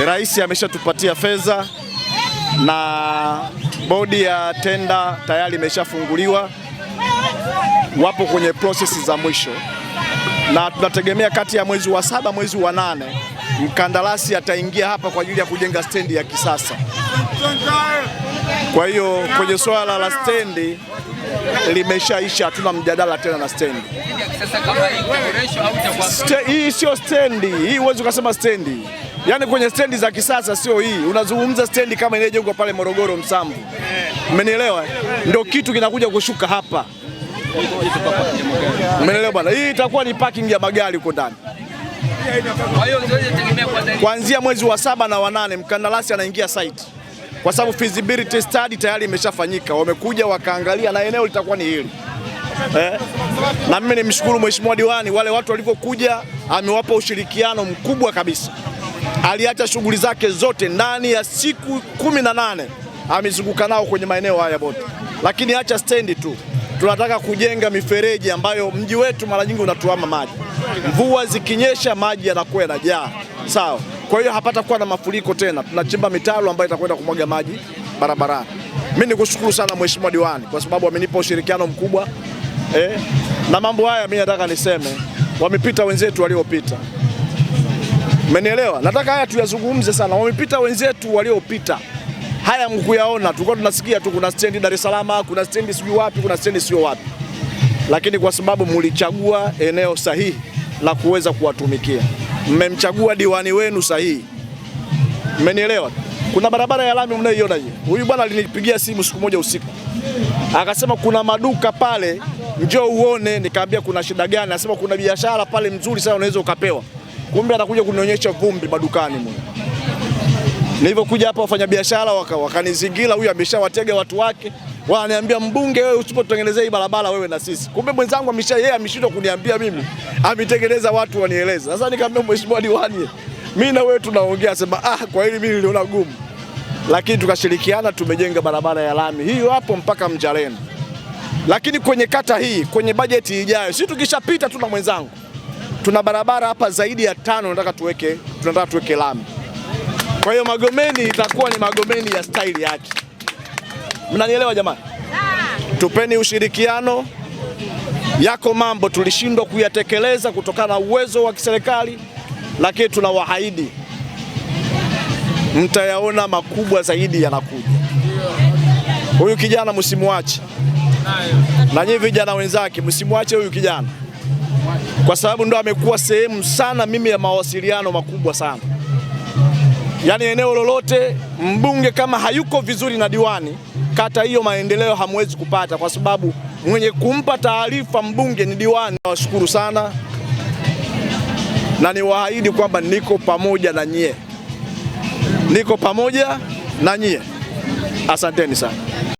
Rais ameshatupatia fedha na bodi ya tenda tayari imeshafunguliwa, wapo kwenye prosesi za mwisho, na tunategemea kati ya mwezi wa saba mwezi wa nane mkandarasi ataingia hapa kwa ajili ya kujenga stendi ya kisasa. Kwa hiyo kwenye swala la stendi limeshaisha, hatuna mjadala tena na stendi hii. sio stendi hii, huwezi ukasema stendi yani kwenye stendi za kisasa, sio hii. Unazungumza stendi kama inayojengwa pale Morogoro msambu umenielewa? Eh? Ndio kitu kinakuja kushuka hapa, umenielewa bwana? Hii itakuwa ni parking ya magari huko ndani. Kuanzia mwezi wa saba na wanane mkandarasi anaingia site kwa sababu feasibility study tayari imeshafanyika, wamekuja wakaangalia na eneo litakuwa ni hili eh. Na mimi nimshukuru mheshimiwa diwani, wale watu walivyokuja amewapa ushirikiano mkubwa kabisa aliacha shughuli zake zote ndani ya siku kumi na nane amezunguka nao kwenye maeneo haya bote, lakini acha stendi tu. Tunataka kujenga mifereji ambayo mji wetu mara nyingi unatuama maji, mvua zikinyesha maji yanakuwa yanajaa, sawa. Kwa hiyo hapatakuwa na mafuriko tena. Tunachimba mitaro ambayo itakwenda kumwaga maji barabarani. Mimi nikushukuru sana Mheshimiwa Diwani kwa sababu amenipa ushirikiano mkubwa eh, na mambo haya mimi nataka niseme, wamepita wenzetu waliopita Mmenielewa? Nataka haya tuyazungumze sana. Wamepita wenzetu waliopita. Haya mkuyaona, tulikuwa tunasikia tu kuna stendi Dar es Salaam, kuna stendi sijui wapi, kuna stendi sio wapi. Lakini kwa sababu mlichagua eneo sahihi la kuweza kuwatumikia. Mmemchagua diwani wenu sahihi. Mmenielewa? Kuna barabara ya lami mnayoiona hiyo. Huyu bwana alinipigia simu siku moja usiku. Akasema kuna maduka pale, njoo uone. Nikaambia kuna shida gani? Anasema kuna biashara pale mzuri sana unaweza ukapewa kumbe anakuja kunionyesha vumbi madukani mwe. Nilivyokuja hapa wafanyabiashara waka, wakanizingira huyu ameshawatega watu wake, wananiambia mbunge, wewe usipotutengenezea hii barabara wewe na sisi. Kumbe mwenzangu amesha yeye ameshindwa kuniambia mimi, ametengeneza watu wanieleze. Sasa nikamwambia mheshimiwa diwani, mimi na wewe tunaongea, sema ah, kwa hili mimi niliona gumu, lakini tukashirikiana, tumejenga barabara ya lami hiyo hapo mpaka Mjareni. Lakini kwenye kata hii, kwenye bajeti ijayo, si tukishapita tu na mwenzangu tuna barabara hapa zaidi ya tano nataka tuweke, tunataka tuweke lami. Kwa hiyo Magomeni itakuwa ni Magomeni ya staili yake. Mnanielewa jamani? Ah. Tupeni ushirikiano. Yako mambo tulishindwa kuyatekeleza kutokana na uwezo wa kiserikali, lakini tunawaahidi mtayaona makubwa zaidi yanakuja. Huyu kijana msimuache, na nyinyi vijana wenzake msimuache huyu kijana kwa sababu ndo amekuwa sehemu sana mimi ya mawasiliano makubwa sana. Yaani eneo lolote mbunge kama hayuko vizuri na diwani kata hiyo, maendeleo hamwezi kupata, kwa sababu mwenye kumpa taarifa mbunge ni diwani. Nawashukuru sana na niwaahidi kwamba niko pamoja na nyie, niko pamoja na nyie. Asanteni sana.